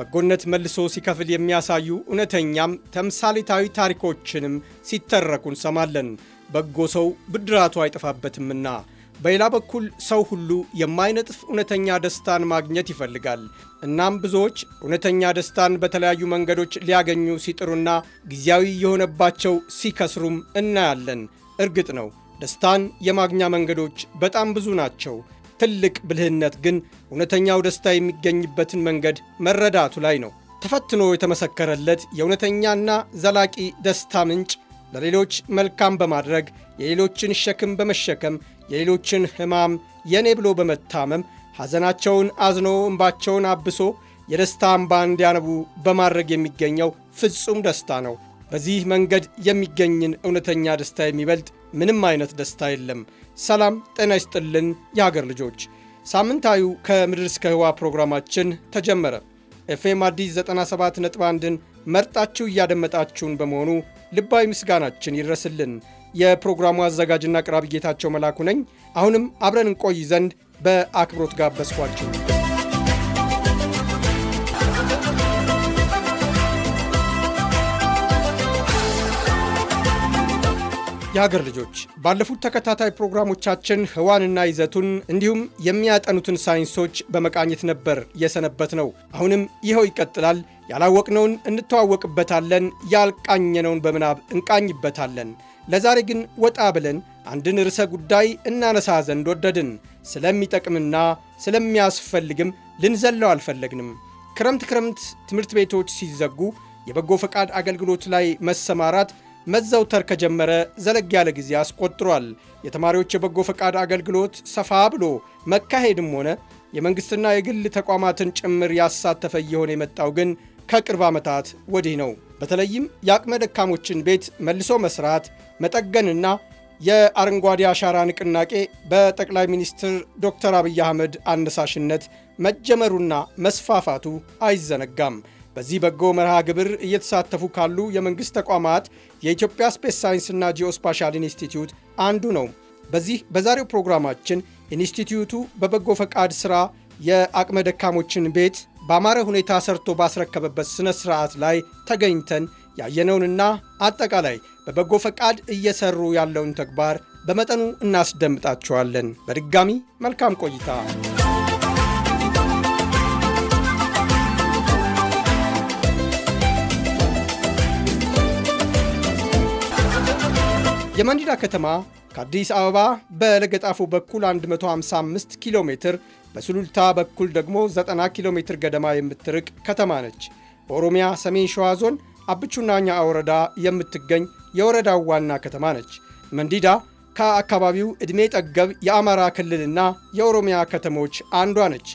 በጎነት መልሶ ሲከፍል የሚያሳዩ እውነተኛም ተምሳሌታዊ ታሪኮችንም ሲተረኩ እንሰማለን። በጎ ሰው ብድራቱ አይጠፋበትምና። በሌላ በኩል ሰው ሁሉ የማይነጥፍ እውነተኛ ደስታን ማግኘት ይፈልጋል። እናም ብዙዎች እውነተኛ ደስታን በተለያዩ መንገዶች ሊያገኙ ሲጥሩና ጊዜያዊ የሆነባቸው ሲከስሩም እናያለን። እርግጥ ነው ደስታን የማግኛ መንገዶች በጣም ብዙ ናቸው። ትልቅ ብልህነት ግን እውነተኛው ደስታ የሚገኝበትን መንገድ መረዳቱ ላይ ነው። ተፈትኖ የተመሰከረለት የእውነተኛና ዘላቂ ደስታ ምንጭ ለሌሎች መልካም በማድረግ የሌሎችን ሸክም በመሸከም የሌሎችን ሕማም የኔ ብሎ በመታመም ሐዘናቸውን አዝኖ እምባቸውን አብሶ የደስታ አምባ እንዲያነቡ በማድረግ የሚገኘው ፍጹም ደስታ ነው። በዚህ መንገድ የሚገኝን እውነተኛ ደስታ የሚበልጥ ምንም አይነት ደስታ የለም። ሰላም ጤና ይስጥልን የሀገር ልጆች ሳምንታዊ ከምድር እስከ ህዋ ፕሮግራማችን ተጀመረ። ኤፍኤም አዲስ 97.1ን መርጣችሁ እያደመጣችሁን በመሆኑ ልባዊ ምስጋናችን ይድረስልን። የፕሮግራሙ አዘጋጅና አቅራቢ ጌታቸው መላኩ ነኝ። አሁንም አብረን እንቆይ ዘንድ በአክብሮት ጋበዝኳችሁ። የአገር ልጆች ባለፉት ተከታታይ ፕሮግራሞቻችን ህዋንና ይዘቱን እንዲሁም የሚያጠኑትን ሳይንሶች በመቃኘት ነበር የሰነበት ነው። አሁንም ይኸው ይቀጥላል። ያላወቅነውን እንተዋወቅበታለን፣ ያልቃኘነውን በምናብ እንቃኝበታለን። ለዛሬ ግን ወጣ ብለን አንድን ርዕሰ ጉዳይ እናነሳ ዘንድ ወደድን። ስለሚጠቅምና ስለሚያስፈልግም ልንዘለው አልፈለግንም። ክረምት ክረምት ትምህርት ቤቶች ሲዘጉ የበጎ ፈቃድ አገልግሎት ላይ መሰማራት መዘውተር ከጀመረ ዘለግ ያለ ጊዜ አስቆጥሯል። የተማሪዎች የበጎ ፈቃድ አገልግሎት ሰፋ ብሎ መካሄድም ሆነ የመንግሥትና የግል ተቋማትን ጭምር ያሳተፈ እየሆነ የመጣው ግን ከቅርብ ዓመታት ወዲህ ነው። በተለይም የአቅመ ደካሞችን ቤት መልሶ መስራት መጠገንና የአረንጓዴ አሻራ ንቅናቄ በጠቅላይ ሚኒስትር ዶክተር አብይ አህመድ አነሳሽነት መጀመሩና መስፋፋቱ አይዘነጋም። በዚህ በጎ መርሃ ግብር እየተሳተፉ ካሉ የመንግሥት ተቋማት የኢትዮጵያ ስፔስ ሳይንስና ጂኦስፓሻል ኢንስቲትዩት አንዱ ነው። በዚህ በዛሬው ፕሮግራማችን ኢንስቲትዩቱ በበጎ ፈቃድ ሥራ የአቅመ ደካሞችን ቤት በአማረ ሁኔታ ሰርቶ ባስረከበበት ሥነ ሥርዓት ላይ ተገኝተን ያየነውንና አጠቃላይ በበጎ ፈቃድ እየሰሩ ያለውን ተግባር በመጠኑ እናስደምጣችኋለን። በድጋሚ መልካም ቆይታ። የማንዲዳ ከተማ ከአዲስ አበባ በለገጣፉ በኩል 155 ኪሎ ሜትር በሱሉልታ በኩል ደግሞ 90 ኪሎ ሜትር ገደማ የምትርቅ ከተማ ነች። በኦሮሚያ ሰሜን ሸዋ ዞን አብቹናኛ ወረዳ የምትገኝ የወረዳው ዋና ከተማ ነች። መንዲዳ ከአካባቢው ዕድሜ ጠገብ የአማራ ክልልና የኦሮሚያ ከተሞች አንዷ ነች።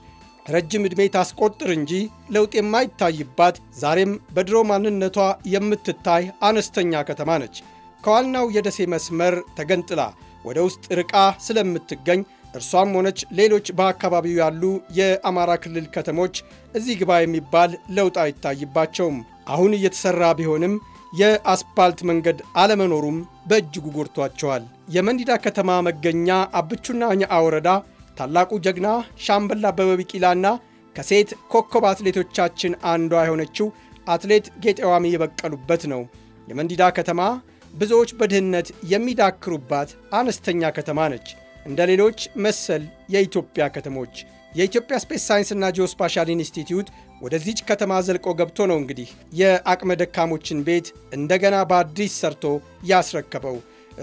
ረጅም ዕድሜ ታስቆጥር እንጂ ለውጥ የማይታይባት ዛሬም በድሮ ማንነቷ የምትታይ አነስተኛ ከተማ ነች። ከዋናው የደሴ መስመር ተገንጥላ ወደ ውስጥ ርቃ ስለምትገኝ እርሷም ሆነች ሌሎች በአካባቢው ያሉ የአማራ ክልል ከተሞች እዚህ ግባ የሚባል ለውጥ አይታይባቸውም። አሁን እየተሰራ ቢሆንም የአስፓልት መንገድ አለመኖሩም በእጅጉ ጎድቷቸዋል። የመንዲዳ ከተማ መገኛ አብቹና ኛአ ወረዳ ታላቁ ጀግና ሻምበል አበበ ቢቂላና ከሴት ኮከብ አትሌቶቻችን አንዷ የሆነችው አትሌት ጌጤዋሚ የበቀሉበት ነው። የመንዲዳ ከተማ ብዙዎች በድህነት የሚዳክሩባት አነስተኛ ከተማ ነች። እንደ ሌሎች መሰል የኢትዮጵያ ከተሞች የኢትዮጵያ ስፔስ ሳይንስና ጂኦስፓሻል ኢንስቲትዩት ወደዚች ከተማ ዘልቆ ገብቶ ነው እንግዲህ የአቅመ ደካሞችን ቤት እንደገና በአዲስ ሰርቶ ያስረከበው።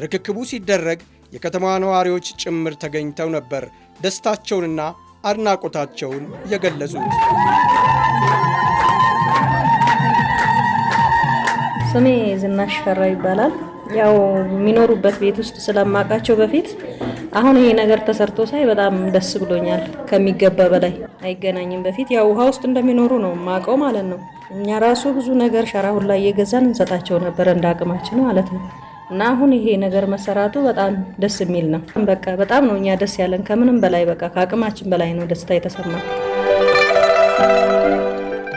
ርክክቡ ሲደረግ የከተማዋ ነዋሪዎች ጭምር ተገኝተው ነበር ደስታቸውንና አድናቆታቸውን የገለጹት። ስሜ ዝናሽ ፈራ ይባላል። ያው የሚኖሩበት ቤት ውስጥ ስለማውቃቸው በፊት አሁን ይሄ ነገር ተሰርቶ ሳይ በጣም ደስ ብሎኛል። ከሚገባ በላይ አይገናኝም። በፊት ያው ውሃ ውስጥ እንደሚኖሩ ነው ማቀው ማለት ነው። እኛ ራሱ ብዙ ነገር ሸራ ሁላ እየገዛን እንሰጣቸው ነበር እንደ አቅማችን ማለት ነው። እና አሁን ይሄ ነገር መሰራቱ በጣም ደስ የሚል ነው። በቃ በጣም ነው እኛ ደስ ያለን ከምንም በላይ በቃ ከአቅማችን በላይ ነው ደስታ የተሰማ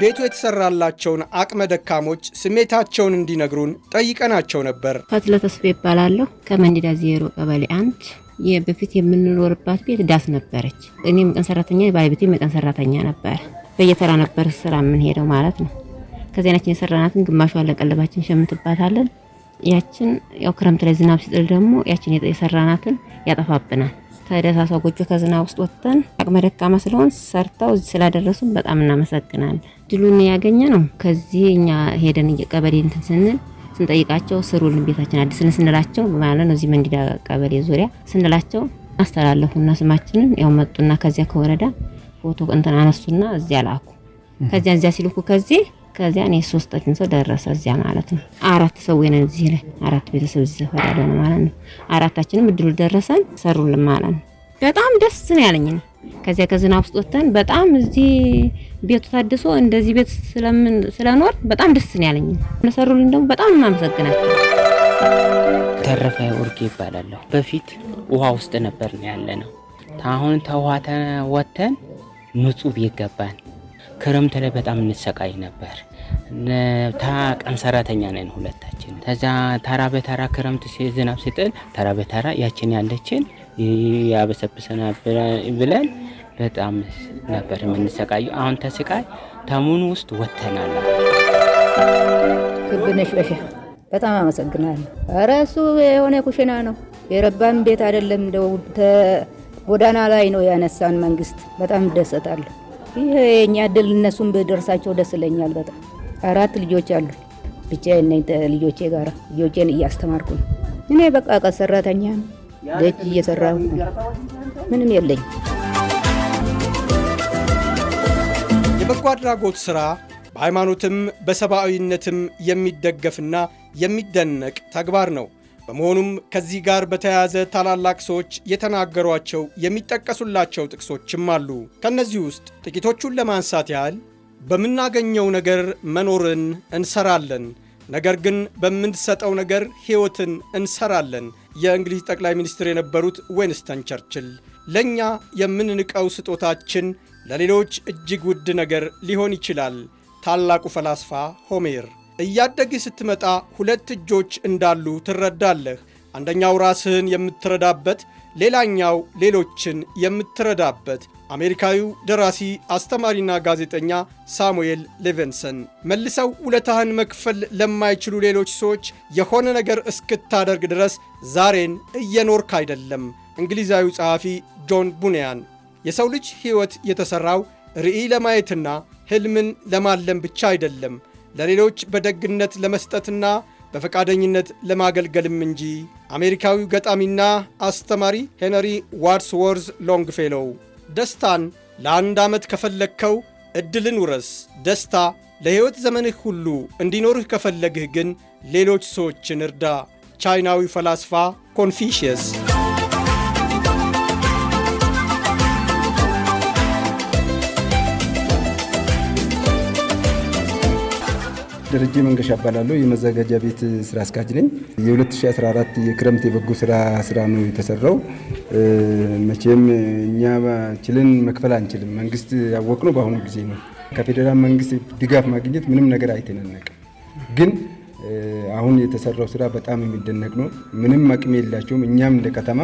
ቤቱ የተሰራላቸውን አቅመ ደካሞች ስሜታቸውን እንዲነግሩን ጠይቀናቸው ነበር። ፈትለ ተስፋ ይባላለሁ። ከመንዲዳ ዜሮ ቀበሌ አንድ በፊት የምንኖርባት ቤት ዳስ ነበረች። እኔም ቀን ሰራተኛ፣ ባለቤቴም ቀን ሰራተኛ ነበር። በየተራ ነበር ስራ የምንሄደው ማለት ነው። ከዚይናችን የሰራናትን ግማሿ ለቀለባችን ሸምትባታለን። ያችን ያው ክረምት ላይ ዝናብ ሲጥል ደግሞ ያችን የሰራናትን ያጠፋብናል። ተደሳሳ ጎጆ ከዝና ውስጥ ወጥተን አቅመ ደካማ ስለሆን ሰርተው እዚህ ስላደረሱን በጣም እናመሰግናለን። ድሉን ያገኘ ነው። ከዚህ እኛ ሄደን ቀበሌ እንትን ስንል ስንጠይቃቸው ስሩልን ቤታችን አዲስን ስንላቸው ማለት ነው እዚህ መንዲዳ ቀበሌ ዙሪያ ስንላቸው አስተላለፉና ስማችንን ያው መጡና ከዚያ ከወረዳ ፎቶ እንትን አነሱና እዚያ ላኩ። ከዚያ እዚያ ሲልኩ ከዚህ ከዚያ እኔ ሶስቶችን ሰው ደረሰ እዚያ ማለት ነው። አራት ሰው ወይ ወይነን እዚህ ላይ አራት ቤተሰብ እዚህ ተፈላለን ማለት ነው። አራታችንም እድሉ ደረሰን ሰሩልን ማለት ነው። በጣም ደስ ነው ያለኝ። ከዚያ ከዝናብ ውስጥ ወጥተን በጣም እዚህ ቤቱ ታድሶ እንደዚህ ቤት ስለምን ስለኖር በጣም ደስ ነው ያለኝ። ለሰሩልን ደግሞ በጣም እናመሰግናለን። ተረፈ ውርጌ ይባላለሁ። በፊት ውሃ ውስጥ ነበር ነው ያለ ነው። አሁን ተውሃ ወጥተን ንጹህ ቤት ገባን። ክረምት ላይ በጣም እንሰቃይ ነበር። ታ ቀን ሰራተኛ ነን ሁለታችን። ከዛ ተራ በተራ ክረምት ዝናብ ሲጥል ተራ በተራ ያችን ያለችን ያበሰብሰና ብለን በጣም ነበር የምንሰቃየው። አሁን ተስቃይ ተሙኑ ውስጥ ወተናል። ክብነሽ በሻ በጣም አመሰግናለሁ። ረሱ እሱ የሆነ ኩሽና ነው የረባም ቤት አይደለም። እንደው ጎዳና ላይ ነው ያነሳን መንግስት። በጣም እደሰታለሁ። ይሄ የኛ ድል እነሱን በደርሳቸው ደስ ይለኛል በጣም። አራት ልጆች አሉ ብቻ ነኝ። ልጆቼ ጋር ልጆቼን እያስተማርኩ ነው። እኔ በቃ ቀን ሰራተኛ ደጅ እየሰራሁ ምንም የለኝም። የበጎ አድራጎት ስራ በሃይማኖትም በሰብአዊነትም የሚደገፍና የሚደነቅ ተግባር ነው። በመሆኑም ከዚህ ጋር በተያያዘ ታላላቅ ሰዎች የተናገሯቸው የሚጠቀሱላቸው ጥቅሶችም አሉ። ከእነዚህ ውስጥ ጥቂቶቹን ለማንሳት ያህል በምናገኘው ነገር መኖርን እንሰራለን፣ ነገር ግን በምንሰጠው ነገር ሕይወትን እንሰራለን። የእንግሊዝ ጠቅላይ ሚኒስትር የነበሩት ዌንስተን ቸርችል ለእኛ የምንንቀው ስጦታችን ለሌሎች እጅግ ውድ ነገር ሊሆን ይችላል። ታላቁ ፈላስፋ ሆሜር እያደግህ ስትመጣ ሁለት እጆች እንዳሉ ትረዳለህ። አንደኛው ራስህን የምትረዳበት፣ ሌላኛው ሌሎችን የምትረዳበት። አሜሪካዊው ደራሲ አስተማሪና ጋዜጠኛ ሳሙኤል ሌቨንሰን መልሰው ውለታህን መክፈል ለማይችሉ ሌሎች ሰዎች የሆነ ነገር እስክታደርግ ድረስ ዛሬን እየኖርክ አይደለም። እንግሊዛዊው ጸሐፊ ጆን ቡኒያን የሰው ልጅ ሕይወት የተሠራው ርእይ ለማየትና ሕልምን ለማለም ብቻ አይደለም ለሌሎች በደግነት ለመስጠትና በፈቃደኝነት ለማገልገልም እንጂ። አሜሪካዊው ገጣሚና አስተማሪ ሄነሪ ዋድስወርዝ ሎንግፌሎው ደስታን ለአንድ ዓመት ከፈለግከው ዕድልን ውረስ። ደስታ ለሕይወት ዘመንህ ሁሉ እንዲኖርህ ከፈለግህ ግን ሌሎች ሰዎችን እርዳ። ቻይናዊ ፈላስፋ ኮንፊሽየስ ደረጀ መንገሻ እባላለሁ። የመዘጋጃ ቤት ስራ አስኪያጅ ነኝ። የ2014 የክረምት የበጎ ስራ ስራ ነው የተሰራው። መቼም እኛ ችልን መክፈል አንችልም። መንግስት ነው። በአሁኑ ጊዜ ነው። ከፌዴራል መንግስት ድጋፍ ማግኘት ምንም ነገር አይተነነቅም። ግን አሁን የተሰራው ስራ በጣም የሚደነቅ ነው። ምንም አቅም የላቸውም። እኛም እንደ ከተማ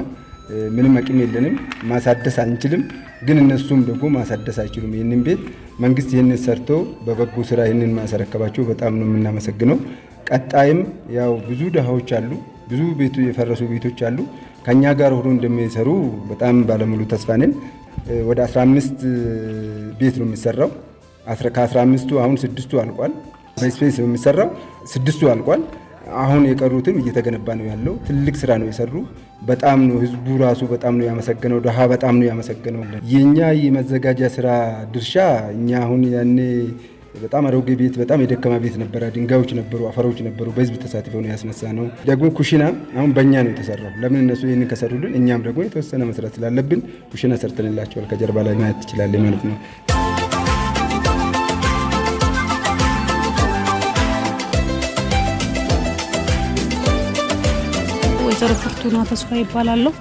ምንም አቅም የለንም፣ ማሳደስ አንችልም። ግን እነሱም ደግሞ ማሳደስ አይችሉም። ይህንን ቤት መንግስት ይህንን ሰርቶ በበጎ ስራ ይህንን ማስረከባቸው በጣም ነው የምናመሰግነው። ቀጣይም ያው ብዙ ድሃዎች አሉ፣ ብዙ ቤቱ የፈረሱ ቤቶች አሉ። ከኛ ጋር ሆኖ እንደሚሰሩ በጣም ባለሙሉ ተስፋ ነን። ወደ 15 ቤት ነው የሚሰራው። ከ15ቱ አሁን ስድስቱ አልቋል። በስፔስ ነው የሚሰራው፣ ስድስቱ አልቋል። አሁን የቀሩትም እየተገነባ ነው ያለው። ትልቅ ስራ ነው የሰሩ። በጣም ነው ህዝቡ ራሱ በጣም ነው ያመሰገነው። ድሃ በጣም ነው ያመሰገነው። የእኛ የመዘጋጃ ስራ ድርሻ እኛ አሁን ያኔ በጣም አሮጌ ቤት በጣም የደከማ ቤት ነበረ። ድንጋዮች ነበሩ፣ አፈሮች ነበሩ። በህዝብ ተሳትፈው ነው ያስነሳ ነው። ደግሞ ኩሽና አሁን በእኛ ነው የተሰራው። ለምን እነሱ ይህንን ከሰሩልን እኛም ደግሞ የተወሰነ መስራት ስላለብን ኩሽና ሰርተንላቸዋል። ከጀርባ ላይ ማየት ትችላለ ማለት ነው። ወይዘሮ ፍርቱና ተስፋ ይባላለሁ።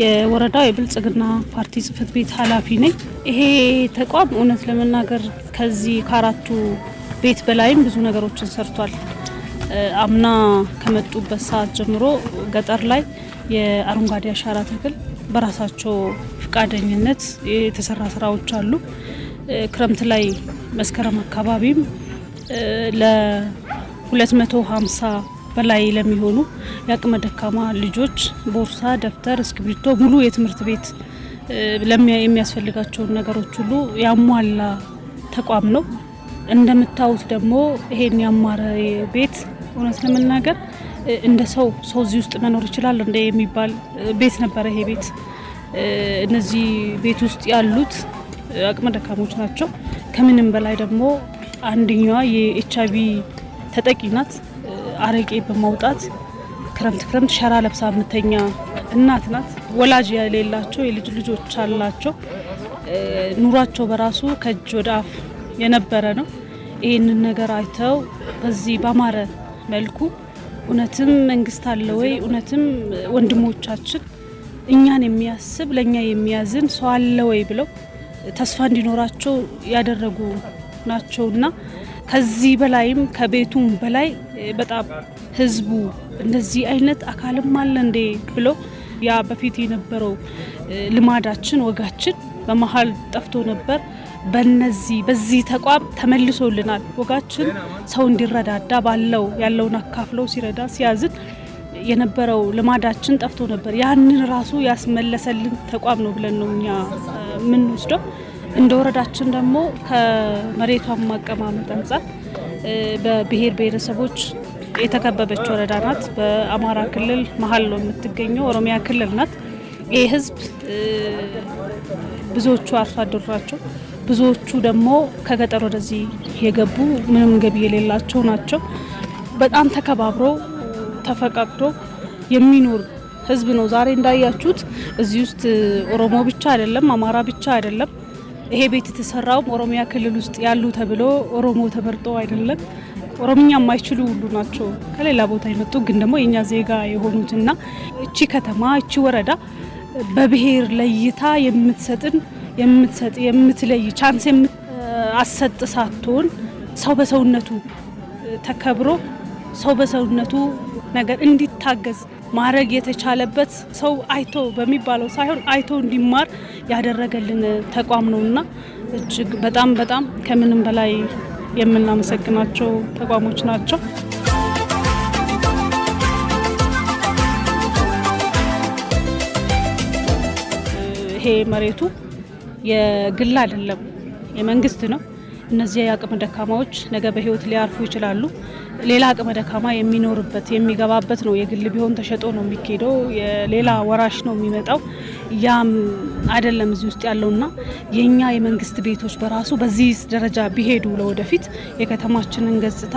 የወረዳው የብልጽግና ፓርቲ ጽህፈት ቤት ኃላፊ ነኝ። ይሄ ተቋም እውነት ለመናገር ከዚህ ከአራቱ ቤት በላይም ብዙ ነገሮችን ሰርቷል። አምና ከመጡበት ሰዓት ጀምሮ ገጠር ላይ የአረንጓዴ አሻራ ተክል በራሳቸው ፈቃደኝነት የተሰራ ስራዎች አሉ። ክረምት ላይ መስከረም አካባቢም ለ250 በላይ ለሚሆኑ የአቅመ ደካማ ልጆች ቦርሳ፣ ደብተር፣ እስክሪብቶ ሙሉ የትምህርት ቤት የሚያስፈልጋቸውን ነገሮች ሁሉ ያሟላ ተቋም ነው። እንደምታዩት ደግሞ ይሄን ያማረ ቤት እውነት ለመናገር እንደ ሰው ሰው እዚህ ውስጥ መኖር ይችላል እንደ የሚባል ቤት ነበረ ይሄ ቤት። እነዚህ ቤት ውስጥ ያሉት አቅመ ደካሞች ናቸው። ከምንም በላይ ደግሞ አንደኛዋ የኤች ቪ ተጠቂ ናት። አረቄ በማውጣት ክረምት ክረምት ሸራ ለብሳ የምተኛ እናት ናት። ወላጅ የሌላቸው የልጅ ልጆች አላቸው። ኑሯቸው በራሱ ከእጅ ወደ አፍ የነበረ ነው። ይህንን ነገር አይተው በዚህ ባማረ መልኩ እውነትም መንግስት አለ ወይ? እውነትም ወንድሞቻችን እኛን የሚያስብ ለእኛ የሚያዝን ሰው አለ ወይ ብለው ተስፋ እንዲኖራቸው ያደረጉ ናቸውና ከዚህ በላይም ከቤቱም በላይ በጣም ህዝቡ እንደዚህ አይነት አካልም አለ እንዴ ብሎ ያ በፊት የነበረው ልማዳችን ወጋችን በመሀል ጠፍቶ ነበር። በነዚህ በዚህ ተቋም ተመልሶልናል። ወጋችን ሰው እንዲረዳዳ ባለው ያለውን አካፍለው ሲረዳ ሲያዝን የነበረው ልማዳችን ጠፍቶ ነበር። ያንን ራሱ ያስመለሰልን ተቋም ነው ብለን ነው እኛ የምንወስደው። እንደ ወረዳችን ደግሞ ከመሬቷን ማቀማመጥ አንጻር በብሔር ብሔረሰቦች የተከበበች ወረዳ ናት። በአማራ ክልል መሀል ነው የምትገኘው፣ ኦሮሚያ ክልል ናት። ይህ ህዝብ ብዙዎቹ አርሶ አደሮች ናቸው። ብዙዎቹ ደግሞ ከገጠር ወደዚህ የገቡ ምንም ገቢ የሌላቸው ናቸው። በጣም ተከባብሮ ተፈቃቅዶ የሚኖር ህዝብ ነው። ዛሬ እንዳያችሁት እዚህ ውስጥ ኦሮሞ ብቻ አይደለም፣ አማራ ብቻ አይደለም ይሄ ቤት የተሰራውም ኦሮሚያ ክልል ውስጥ ያሉ ተብሎ ኦሮሞ ተመርጦ አይደለም። ኦሮምኛ የማይችሉ ሁሉ ናቸው ከሌላ ቦታ የመጡ ግን ደግሞ የእኛ ዜጋ የሆኑትና እቺ ከተማ እቺ ወረዳ በብሔር ለይታ የምትሰጥን የምትሰጥ የምትለይ ቻንስ አሰጥ ሳትሆን ሰው በሰውነቱ ተከብሮ ሰው በሰውነቱ ነገር እንዲታገዝ ማድረግ የተቻለበት ሰው አይቶ በሚባለው ሳይሆን አይቶ እንዲማር ያደረገልን ተቋም ነው እና እጅግ በጣም በጣም ከምንም በላይ የምናመሰግናቸው ተቋሞች ናቸው። ይሄ መሬቱ የግል አይደለም፣ የመንግስት ነው። እነዚህ የአቅም ደካማዎች ነገ በህይወት ሊያርፉ ይችላሉ። ሌላ አቅመ ደካማ የሚኖርበት የሚገባበት ነው። የግል ቢሆን ተሸጦ ነው የሚካሄደው። ሌላ ወራሽ ነው የሚመጣው። ያም አይደለም እዚህ ውስጥ ያለውና የእኛ የመንግስት ቤቶች በራሱ በዚህ ደረጃ ቢሄዱ ለወደፊት የከተማችንን ገጽታ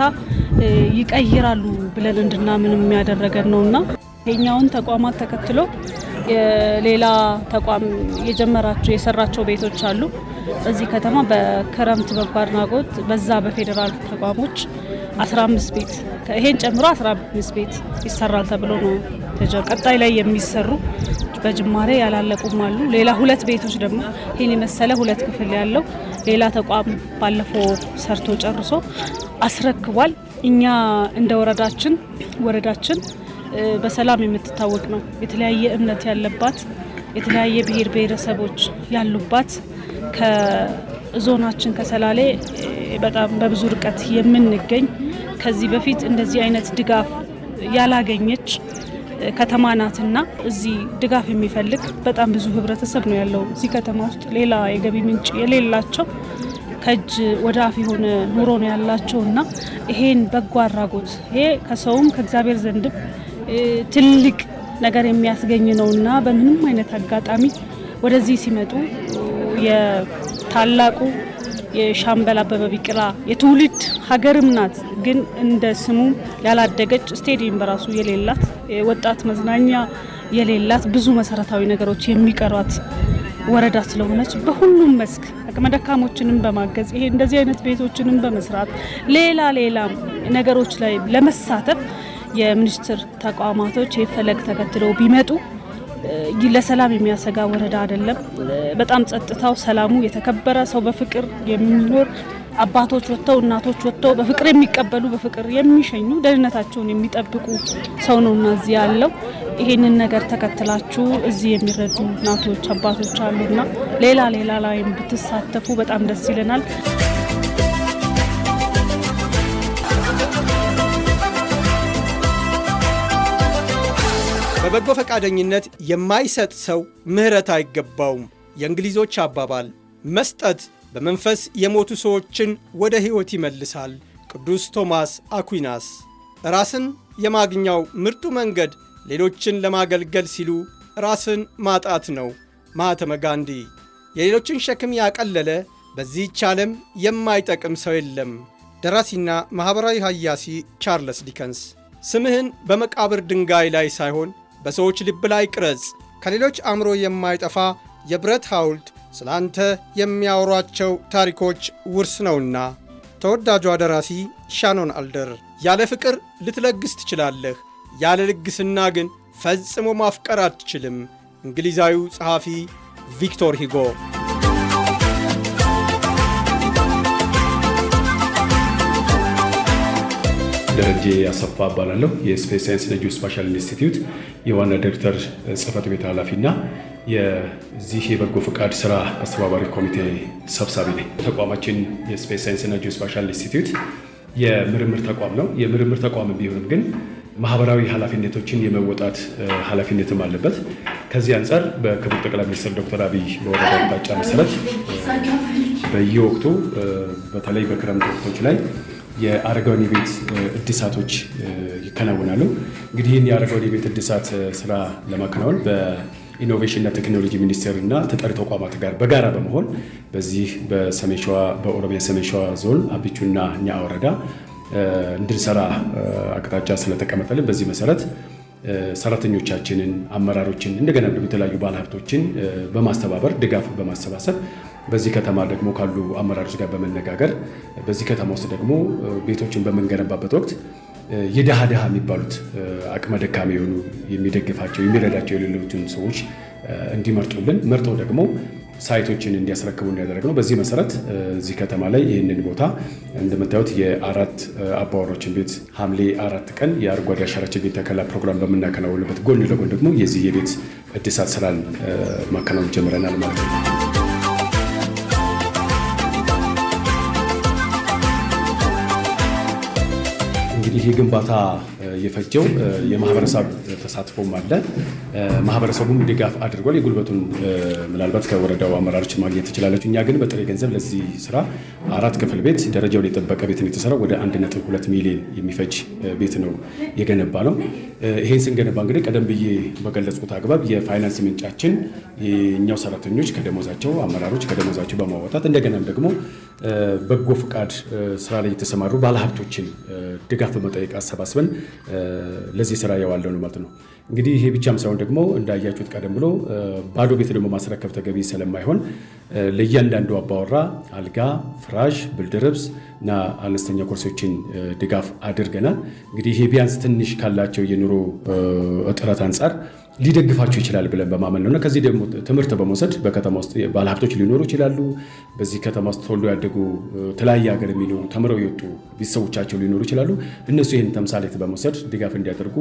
ይቀይራሉ ብለን እንድናምን የሚያደረገን ነውና የእኛውን ተቋማት ተከትሎ የሌላ ተቋም የጀመራቸው የሰራቸው ቤቶች አሉ። በዚህ ከተማ በክረምት በጎ አድራጎት በዛ በፌዴራል ተቋሞች 15 ቤት ይሄን ጨምሮ 15 ቤት ይሰራል ተብሎ ነው ቀጣይ ላይ የሚሰሩ በጅማሬ ያላለቁም አሉ። ሌላ ሁለት ቤቶች ደግሞ ይህን የመሰለ ሁለት ክፍል ያለው ሌላ ተቋም ባለፈው ሰርቶ ጨርሶ አስረክቧል። እኛ እንደ ወረዳችን ወረዳችን በሰላም የምትታወቅ ነው። የተለያየ እምነት ያለባት የተለያየ ብሔር ብሔረሰቦች ያሉባት ዞናችን ከሰላሌ በጣም በብዙ ርቀት የምንገኝ ከዚህ በፊት እንደዚህ አይነት ድጋፍ ያላገኘች ከተማ ናትና እዚህ ድጋፍ የሚፈልግ በጣም ብዙ ህብረተሰብ ነው ያለው። እዚህ ከተማ ውስጥ ሌላ የገቢ ምንጭ የሌላቸው ከእጅ ወደ አፍ የሆነ ኑሮ ነው ያላቸው እና ይሄን በጎ አድራጎት ይሄ ከሰውም ከእግዚአብሔር ዘንድም ትልቅ ነገር የሚያስገኝ ነው እና በምንም አይነት አጋጣሚ ወደዚህ ሲመጡ ታላቁ የሻምበል አበበ ቢቅላ የትውልድ ሀገርም ናት። ግን እንደ ስሙ ያላደገች ስቴዲየም በራሱ የሌላት ወጣት መዝናኛ የሌላት ብዙ መሰረታዊ ነገሮች የሚቀሯት ወረዳ ስለሆነች በሁሉም መስክ አቅመ ደካሞችንም በማገዝ ይሄ እንደዚህ አይነት ቤቶችንም በመስራት ሌላ ሌላ ነገሮች ላይ ለመሳተፍ የሚኒስቴር ተቋማቶች የፈለግ ተከትለው ቢመጡ ለሰላም የሚያሰጋ ወረዳ አይደለም። በጣም ጸጥታው፣ ሰላሙ የተከበረ ሰው በፍቅር የሚኖር አባቶች ወጥተው እናቶች ወጥተው በፍቅር የሚቀበሉ በፍቅር የሚሸኙ ደህንነታቸውን የሚጠብቁ ሰው እና እዚህ ያለው ይሄንን ነገር ተከትላችሁ እዚህ የሚረዱ እናቶች አባቶች አሉና ሌላ ሌላ ላይም ብትሳተፉ በጣም ደስ ይለናል። በበጎ ፈቃደኝነት የማይሰጥ ሰው ምሕረት አይገባውም። የእንግሊዞች አባባል መስጠት በመንፈስ የሞቱ ሰዎችን ወደ ሕይወት ይመልሳል። ቅዱስ ቶማስ አኩናስ ራስን የማግኛው ምርጡ መንገድ ሌሎችን ለማገልገል ሲሉ ራስን ማጣት ነው። ማኅተመ ጋንዲ የሌሎችን ሸክም ያቀለለ በዚህች ዓለም የማይጠቅም ሰው የለም። ደራሲና ማኅበራዊ ሐያሲ ቻርለስ ዲከንስ ስምህን በመቃብር ድንጋይ ላይ ሳይሆን በሰዎች ልብ ላይ ቅረጽ፣ ከሌሎች አእምሮ የማይጠፋ የብረት ሐውልት፣ ስለ አንተ የሚያወሯቸው ታሪኮች ውርስ ነውና። ተወዳጇ ደራሲ ሻኖን አልደር ያለ ፍቅር ልትለግስ ትችላለህ፣ ያለ ልግስና ግን ፈጽሞ ማፍቀር አትችልም። እንግሊዛዊው ጸሐፊ ቪክቶር ሂጎ ደረጀ አሰፋ እባላለሁ። የስፔስ ሳይንስ ነጂ ጂኦ ስፓሻል ኢንስቲትዩት የዋና ዳይሬክተር ጽህፈት ቤት ኃላፊ ና የዚህ የበጎ ፈቃድ ስራ አስተባባሪ ኮሚቴ ሰብሳቢ ነኝ። ተቋማችን የስፔስ ሳይንስ ነጂ ስፓሻል ኢንስቲትዩት የምርምር ተቋም ነው። የምርምር ተቋም ቢሆንም ግን ማህበራዊ ኃላፊነቶችን የመወጣት ኃላፊነትም አለበት። ከዚህ አንጻር በክቡር ጠቅላይ ሚኒስትር ዶክተር አብይ በወረዳ አቅጣጫ መሰረት በየወቅቱ በተለይ በክረምት ወቅቶች ላይ የአረጋውን የቤት እድሳቶች ይከናወናሉ። እንግዲህ ይህን የአረጋውን የቤት እድሳት ስራ ለማከናወን በኢኖቬሽንና ቴክኖሎጂ ሚኒስቴር እና ተጠሪ ተቋማት ጋር በጋራ በመሆን በዚህ በሰሜን ሸዋ በኦሮሚያ ሰሜን ሸዋ ዞን አቢቹና ኛ ወረዳ እንድንሰራ አቅጣጫ ስለተቀመጠልን በዚህ መሰረት ሰራተኞቻችንን፣ አመራሮችን እንደገና የተለያዩ ባለሀብቶችን በማስተባበር ድጋፍ በማሰባሰብ በዚህ ከተማ ደግሞ ካሉ አመራሮች ጋር በመነጋገር በዚህ ከተማ ውስጥ ደግሞ ቤቶችን በምንገነባበት ወቅት የድሃ ድሃ የሚባሉት አቅመ ደካማ የሆኑ የሚደግፋቸው የሚረዳቸው የሌሎችን ሰዎች እንዲመርጡልን መርጠው ደግሞ ሳይቶችን እንዲያስረክቡ እንዲያደረግ ነው። በዚህ መሰረት እዚህ ከተማ ላይ ይህንን ቦታ እንደምታዩት የአራት አባወሮችን ቤት ሐምሌ አራት ቀን የአረንጓዴ አሻራችን ቤት ተከላ ፕሮግራም በምናከናውንበት ጎን ለጎን ደግሞ የዚህ የቤት እድሳት ስራን ማከናወን ጀምረናል ማለት ነው። እንግዲህ ግንባታ የፈጀው የማህበረሰብ ተሳትፎም አለ። ማህበረሰቡም ድጋፍ አድርጓል። የጉልበቱን ምናልባት ከወረዳው አመራሮች ማግኘት ትችላለች። እኛ ግን በጥሬ ገንዘብ ለዚህ ስራ አራት ክፍል ቤት ደረጃውን የጠበቀ ቤት ነው የተሰራው። ወደ 1.2 ሚሊዮን የሚፈጅ ቤት ነው የገነባ ነው። ይሄን ስንገነባ እንግዲህ ቀደም ብዬ በገለጽኩት አግባብ የፋይናንስ ምንጫችን የእኛው ሰራተኞች ከደሞዛቸው አመራሮች ከደሞዛቸው በማወጣት እንደገናም ደግሞ በጎ ፈቃድ ስራ ላይ የተሰማሩ ባለሀብቶችን ድጋፍ በመጠየቅ አሰባስበን ለዚህ ስራ ያዋለው ነው ማለት ነው። እንግዲህ ይሄ ብቻም ሳይሆን ደግሞ እንዳያችሁት ቀደም ብሎ ባዶ ቤት ደግሞ ማስረከብ ተገቢ ስለማይሆን ለእያንዳንዱ አባወራ አልጋ፣ ፍራሽ፣ ብልድርብስ እና አነስተኛ ኮርሶችን ድጋፍ አድርገናል። እንግዲህ ይሄ ቢያንስ ትንሽ ካላቸው የኑሮ እጥረት አንጻር ሊደግፋቸው ይችላል ብለን በማመን ነው ከዚህ ደግሞ ትምህርት በመውሰድ በከተማ ውስጥ ባለሀብቶች ሊኖሩ ይችላሉ። በዚህ ከተማ ውስጥ ተወልዶ ያደጉ ተለያየ ሀገር የሚኖሩ ተምረው የወጡ ቤተሰቦቻቸው ሊኖሩ ይችላሉ። እነሱ ይህን ተምሳሌት በመውሰድ ድጋፍ እንዲያደርጉ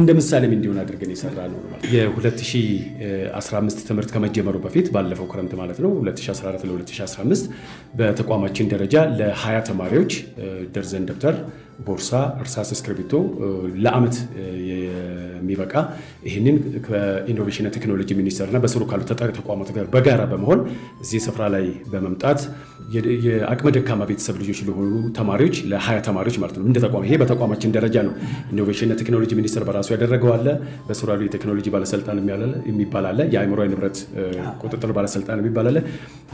እንደ ምሳሌም እንዲሆን አድርገን የሰራ ነው። የ2015 ትምህርት ከመጀመሩ በፊት ባለፈው ክረምት ማለት ነው 2014 ለ2015 በተቋማችን ደረጃ ለ20 ተማሪዎች ደርዘን ደብተር ቦርሳ፣ እርሳስ፣ እስክርቢቶ ለአመት የሚበቃ ይህንን ከኢኖቬሽንና ቴክኖሎጂ ሚኒስቴርና በስሩ ካሉ ተጠሪ ተቋማት ጋር በጋራ በመሆን እዚህ ስፍራ ላይ በመምጣት የአቅመ ደካማ ቤተሰብ ልጆች ለሆኑ ተማሪዎች ለሀያ ተማሪዎች ማለት ነው እንደ ተቋም ይሄ በተቋማችን ደረጃ ነው። ኢኖቬሽንና ቴክኖሎጂ ሚኒስቴር በራሱ ያደረገው አለ። በስሩ ያሉ የቴክኖሎጂ ባለስልጣን የሚባል አለ። የአእምሮ ንብረት ቁጥጥር ባለስልጣን የሚባል አለ።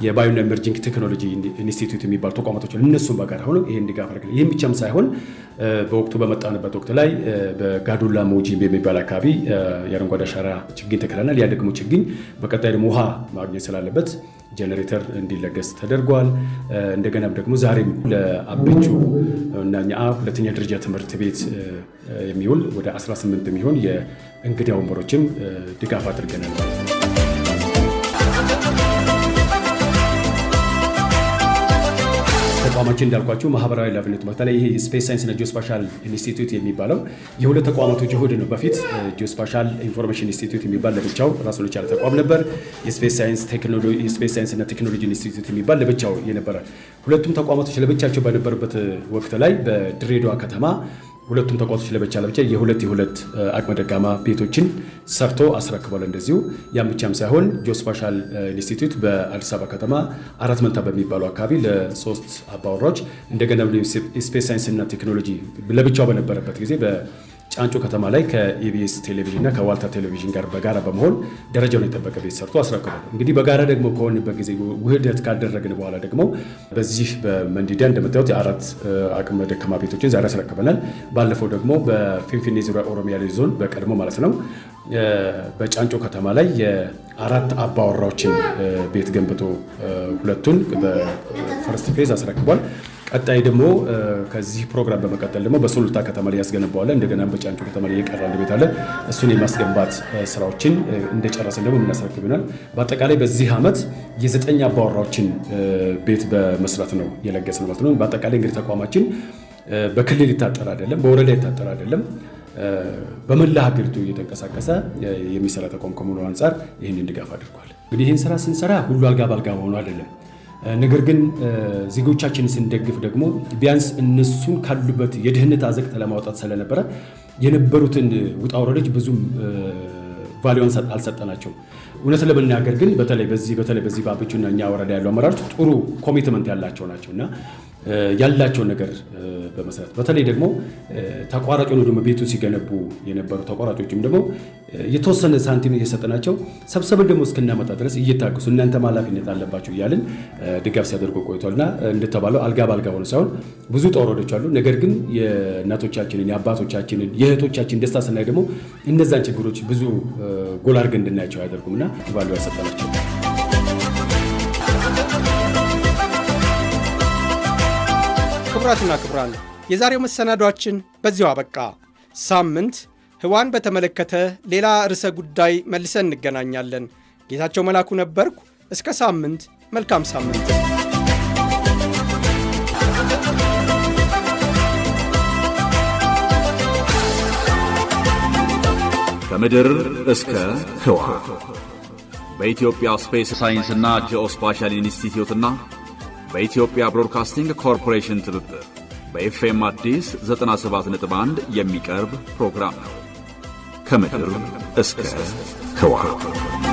የባዮና ኢመርጂንግ ቴክኖሎጂ ኢንስቲትዩት የሚባሉ ተቋማቶች እነሱን በጋራ ሆነው ይህን ድጋፍ ይህም ብቻም ሳይሆን በወቅቱ በመጣንበት ወቅት ላይ በጋዶላ ሞጂ የሚባል አካባቢ የአረንጓዴ አሻራ ችግኝ ተክለናል። ያ ደግሞ ችግኝ በቀጣይ ደግሞ ውሃ ማግኘት ስላለበት ጀኔሬተር እንዲለገስ ተደርጓል። እንደገናም ደግሞ ዛሬም ለአቤቹ እና ሁለተኛ ደረጃ ትምህርት ቤት የሚውል ወደ 18 የሚሆን የእንግዳ ወንበሮችም ድጋፍ አድርገናል ማለት ነው። ተቋማችን እንዳልኳቸው ማህበራዊ ላብነት በተለይ ይሄ ስፔስ ሳይንስ እና ጂኦስፓሻል ኢንስቲትዩት የሚባለው የሁለት ተቋማቱ ጅሁድ ነው። በፊት ጂኦስፓሻል ኢንፎርሜሽን ኢንስቲትዩት የሚባል ለብቻው ራሱን የቻለ ተቋም ነበር። የስፔስ ሳይንስ እና ቴክኖሎጂ ኢንስቲትዩት የሚባል ለብቻው የነበረ ሁለቱም ተቋማቶች ለብቻቸው በነበሩበት ወቅት ላይ በድሬዳዋ ከተማ ሁለቱም ተቋቶች ለብቻ ለብቻ የሁለት የሁለት አቅመ ደካማ ቤቶችን ሰርቶ አስረክቧል። እንደዚሁ ያም ብቻም ሳይሆን ጆስፓሻል ኢንስቲትዩት በአዲስ አበባ ከተማ አራት መንታ በሚባሉ አካባቢ ለሶስት አባወራዎች እንደገና ስፔስ ሳይንስና ቴክኖሎጂ ለብቻው በነበረበት ጊዜ ጫንጮ ከተማ ላይ ከኢቢኤስ ቴሌቪዥን እና ከዋልታ ቴሌቪዥን ጋር በጋራ በመሆን ደረጃውን የጠበቀ ቤት ሰርቶ አስረክቧል። እንግዲህ በጋራ ደግሞ ከሆንበት ጊዜ ውህደት ካደረግን በኋላ ደግሞ በዚህ በመንዲዳ እንደምታዩት የአራት አቅመ ደካማ ቤቶችን ዛሬ አስረክበናል። ባለፈው ደግሞ በፊንፊኔ ዙሪያ ኦሮሚያ ዞን በቀድሞ ማለት ነው በጫንጮ ከተማ ላይ የአራት አባወራዎችን ቤት ገንብቶ ሁለቱን በፈርስት ፌዝ አስረክቧል። ቀጣይ ደግሞ ከዚህ ፕሮግራም በመቀጠል ደግሞ በሱሉልታ ከተማ ላይ ያስገነባዋለ እንደገና በጫንጮ ከተማ ላይ የቀረ አንድ ቤት አለ። እሱን የማስገንባት ስራዎችን እንደጨረስን ደግሞ የምናስረክብ ይሆናል። በአጠቃላይ በዚህ ዓመት የዘጠኝ አባወራዎችን ቤት በመስራት ነው የለገስን ማለት ነው። በአጠቃላይ እንግዲህ ተቋማችን በክልል ይታጠር አይደለም፣ በወረዳ ይታጠር አይደለም በመላ ሀገሪቱ እየተንቀሳቀሰ የሚሰራ ተቋም ከመሆኑ አንጻር ይህንን ድጋፍ አድርጓል። እንግዲህ ይህን ስራ ስንሰራ ሁሉ አልጋ ባልጋ መሆኑ አይደለም። ነገር ግን ዜጎቻችን ስንደግፍ ደግሞ ቢያንስ እነሱን ካሉበት የድህነት አዘቅት ለማውጣት ስለነበረ የነበሩትን ውጣ ውረዶች ብዙም ቫሊዮን አልሰጠናቸው። እውነት ለመናገር ግን በተለይ በዚህ በተለይ በዚህ በአብቹና እኛ ወረዳ ያሉ አመራሮች ጥሩ ኮሚትመንት ያላቸው ናቸው እና ያላቸው ነገር በመሰረት በተለይ ደግሞ ተቋራጮ ነው ደግሞ ቤቱን ሲገነቡ የነበሩ ተቋራጮችም ደግሞ የተወሰነ ሳንቲም እየሰጠናቸው ሰብሰብን ደግሞ እስክናመጣ ድረስ እየታገሱ እናንተ ኃላፊነት አለባቸው እያልን ድጋፍ ሲያደርጉ ቆይቷል እና እንደተባለው አልጋ ባልጋ ሆነ ሳይሆን ብዙ ጦሮዶች አሉ። ነገር ግን የእናቶቻችንን፣ የአባቶቻችንን፣ የእህቶቻችን ደስታ ስናይ ደግሞ እነዛን ችግሮች ብዙ ጎላ አድርገን እንድናያቸው አያደርጉም እና ባሉ ያሰጠናቸው ክቡራትና ክቡራን የዛሬው መሰናዷችን በዚሁ አበቃ። ሳምንት ህዋን በተመለከተ ሌላ ርዕሰ ጉዳይ መልሰን እንገናኛለን። ጌታቸው መላኩ ነበርኩ። እስከ ሳምንት፣ መልካም ሳምንት። ከምድር እስከ ህዋ በኢትዮጵያ ስፔስ ሳይንስና ጂኦስፓሻል ኢንስቲትዩትና በኢትዮጵያ ብሮድካስቲንግ ኮርፖሬሽን ትብብር በኤፍኤም አዲስ 97.1 የሚቀርብ ፕሮግራም ነው። ከምድር እስከ ህዋ